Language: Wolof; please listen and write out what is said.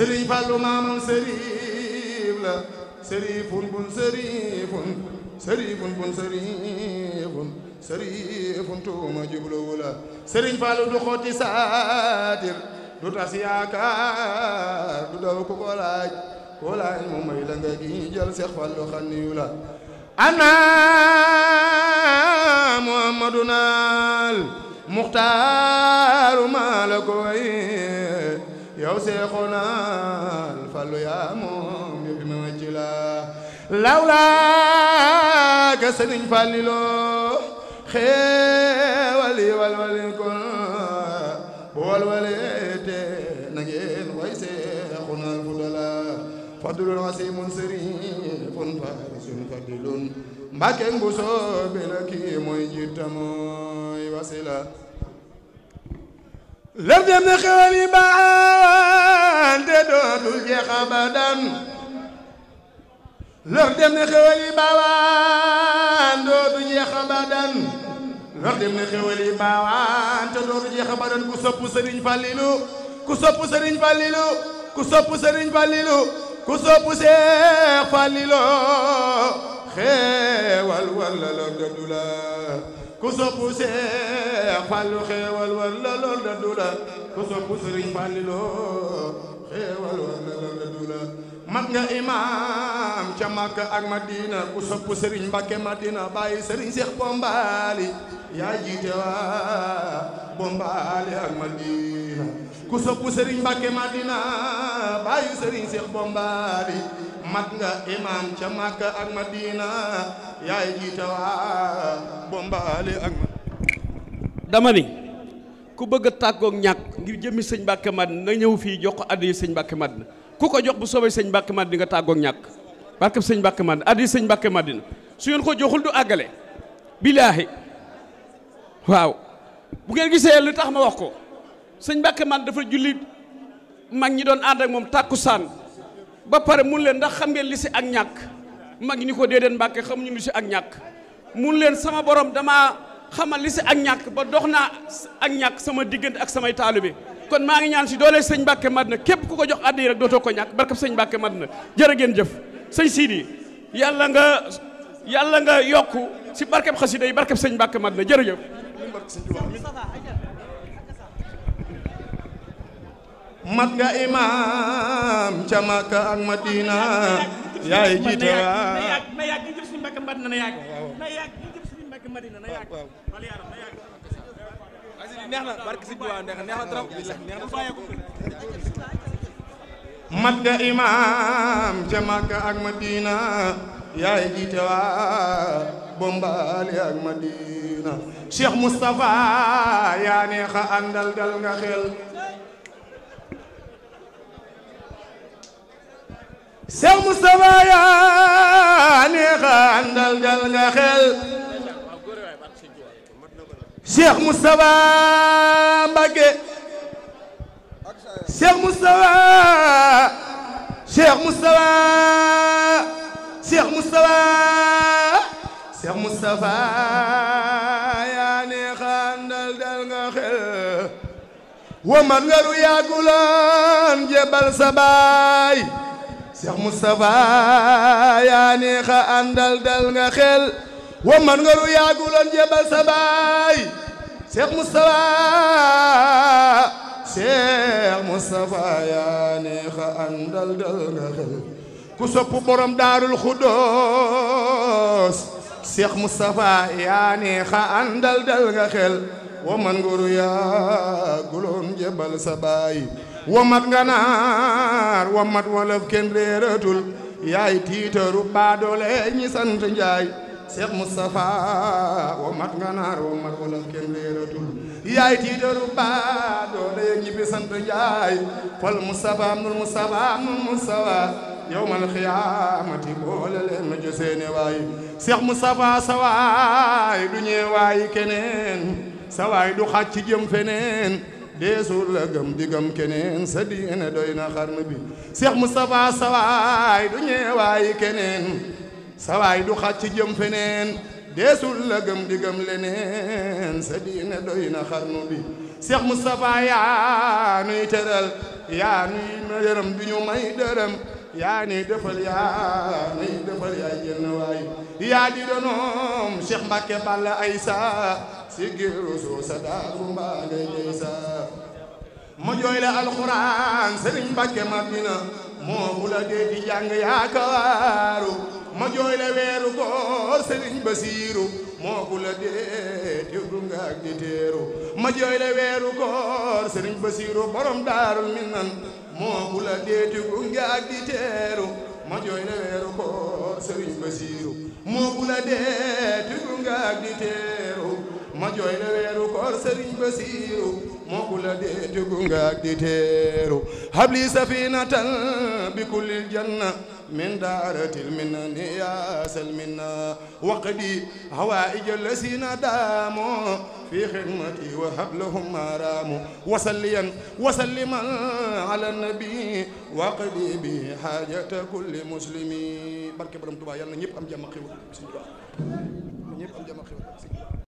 sëriñ Fallu maamam sëriif la sëriifun bun sëriifun sëriifun bun sëriifun sëriifun tuuma jubluwu la sëriñ Fallu du xotti saatir du tas yaakaar du daw ku ko laaj ko laaj mu may la nga gi jël Seex Fallu xanniyu la muxtaaru maa la koy yow seexuna Fallu yaa moom yow mi wàcc la lawlaa ka sëriñ Fallilo xeewal yi walwale kon bu walwale te na ngeen way seexuna Fudala fadlun asimun sariifun faarisun fadilun Mbàkke ngu soobe la kii mooy njiit mooy wasila lër dem na xewal yi baawante dootul jeex abadan lër dem na xewal yi baawaan dootul jeex abadan lër dem na xewal yi baawante dootul jeex abadan ku sopp Sëriñ Fallilu ku sopp Sëriñ Fallilu ku ku sopp Seex Fallilu xewal walla lër dem du ku soppu Seex Fallu xéewal war la lool da ku soppu Sëriñ Falliloo xéewal war la lool da mat nga imaam ca Makka ak Madina ku soppu Sëriñ Mbakke Madina bàyyi Sëriñ Seex Bombali yaa jiite waa Bombali ak Madina ku soppu Sëriñ Mbakke Madina bàyyi Sëriñ Seex Bombali mat nga imaam ca Makka ak Madina yaay jiite waa Bombali ak dama ni ku bëgg a tàggoog ñàkk ngir jëmmi sëñ Mbàkke Madina nga ñëw fii jox ko addi sëñ Mbàkke Madina ku ko jox bu soobee sëñ Mbàkke Madina nga tàggoog ñàkk barkab sëñ Mbàkke Madina addi sëñ Mbàkke Madina su ngeen ko joxul du àggale bilaahi waaw bu ngeen gisee li tax ma wax ko sëñ Mbàkke Madina dafa julli mag ñi doon ànd ak moom tàkkusaan ba pare mun leen ndax xam ngeen li si ak ñàkk mag ñi ko déedéet mbàkke ñu li si ak ñàkk mun leen sama borom dama xamal li ak ñàkk ba dox naa ak ñàkk sama diggante ak samay taalibe kon maa ngi ñaan si doole sëñ Mbàkke na képp ku ko jox addi rek dootoo ko ñàkk barkab sëñ Mbàkke Madina jërë ngeen jëf sëñ Sidi yàlla nga yàlla nga yokk si barkab xasida yi barkab sëñ Mbàkke Madina jërëjëf mat nga imaam ca Makka ak Madina yaay jiite waa waa Bombali ak Madina Cheikh Moustapha yaa neex a àndal Seex Mustafa yaa neex a àndal nga xel Seex Mustafa Mbàkke Seex Mustafa Seex Mustafa yaa neex a nga xel wa man nga ru yaagulaan jebal sa Cheikh Moustapha yaa neex a àndal dal nga xel wa man nga lu yaaguloon jébal sa baay Cheikh Moustapha Cheikh Moustapha yaa neex a dal nga xel ku sopp borom daarul xuddoos Cheikh Moustapha yaa neex a dal nga xel wo man nguru yaa guloon jebal sa baay mat nganaar wo mat wolof kenn réeratul yaay tiitaru baadoole ñi sant njaay Cheikh Moustapha wo mat nganaar wo mat wolof kenn réeratul yaay tiitaru baadoole ñi bi sant njaay fal Moustapha amnul Moustapha amnul Moustapha yowmal xiyaamati boole leen ma joseene waay Cheikh Moustapha sa waay du ñee waay keneen sa waay du xàcc jëm feneen deesul la gëm di gëm keneen sa diine doy na xarnu bi Cheikh Moustapha sa waay du ñeewaayi keneen sa waay du xàcc jëm feneen deesul la gëm di gëm leneen sa diine doy na xarnu bi Cheikh Moustapha yaa nuy teral yaa nuy yërëm du ñu may dërëm yaa ni defal yaa nuy defal yaa jënn waay yaa di donoom Cheikh Mbacke Balla Aïssa sigiru soo sa daaru mbaa ngay jëy sa ma jooy alxuraan sëriñ Mbàkke Madina moo bu la dee di jàng ma jooy weeru góor sëriñ Basiiru moo bu la dee di di teeru ma jooy weeru góor sëriñ Basiiru borom daarul minan moo bu la dee di di teeru ma jooy weeru góor sëriñ Basiiru moo bu la dee di di teeru ma jooy na weeru koor sëriñ Basiiru moo ku la deeti gunga ak di teeru habli safinatan bi kullil janna min daaratil minna ni yaasal minna waqdi hawaa'ija lasina daamu fi xidmati wa hablahum maaraamu wasalliyan wasalliman ala nabi waqdi bi haajata kulli muslimi barke borom Tuubaa yàlla na ñëpp am jàmm xéwal ñëpp am jàmm xéwal